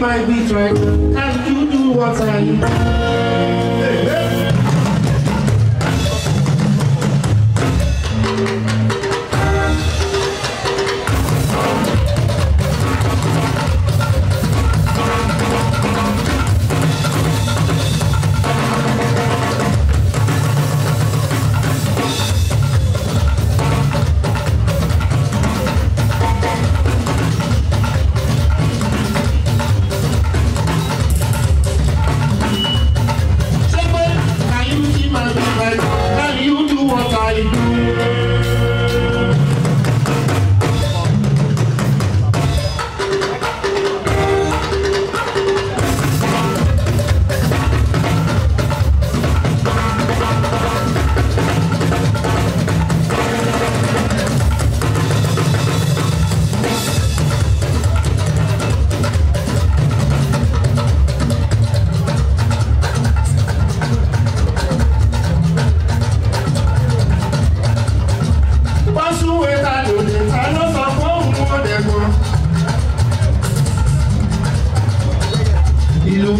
my beat right, cause you do what I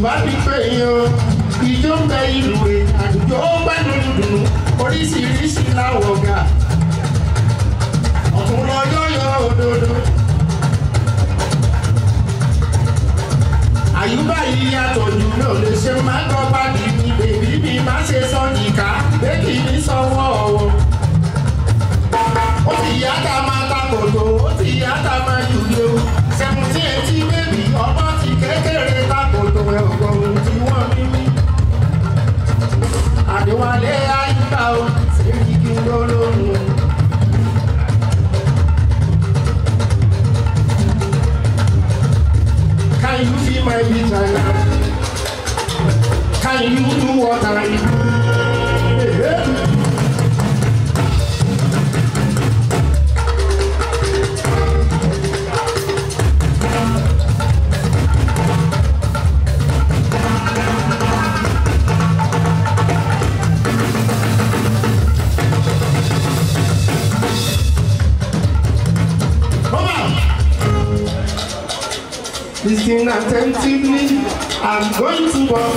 bá ti pé yan ìjọ ń bẹ ìlú rẹ̀ àjùjọ ó gbádùn dùnú oríṣiríṣi láwọ̀ ga ọ̀tún lọ yọ̀yọ̀ òdodo. my bitterness. Can you do what I do? listen attentively. I'm going to walk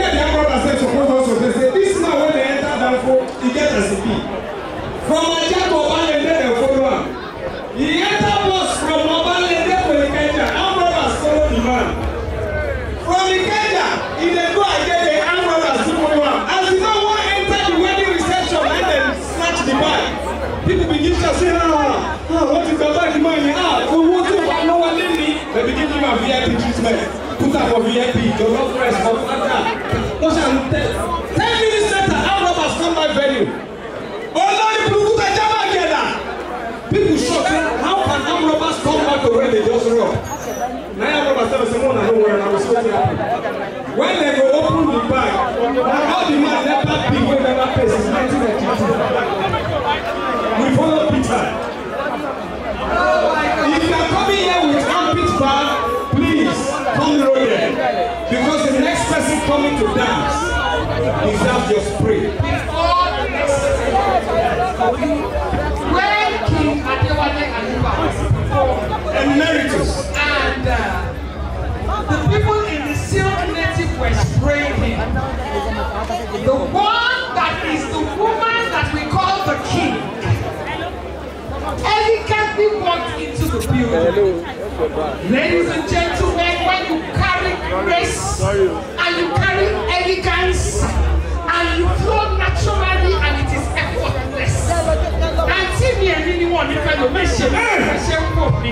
tẹ̀ sí ra wọ́n ti gba báàgì mọ́ ẹ̀yìn à owó tó wà lọ́wọ́ lé ní. bẹ̀bí kí ni ma ah, vip treatment put up for vip jollof rice for kata What ṣe à ń tẹ́ ten minutes later how robbers come by venue. olórí burúkú tẹ jẹ́ báàgì ẹ̀dá. people shock eh? how can armed robbers come back to where they just rob. Now robbers tell me say mo na no worry na we still dey happy. when dem coming to dance deserves your spray. When King Adewale Aluba emeritus and uh, the people in the Silk Native were spraying him, the one that is the woman that we call the king elegantly walked into the building. Ladies and gentlemen. when you carry grace and you carry elegance and you flow naturally and it is effortless. àǹtí mi èmi ni wọ́n ní fẹ́ lò mẹ́ṣẹ̀ mẹ́ṣẹ̀ ń pò mí.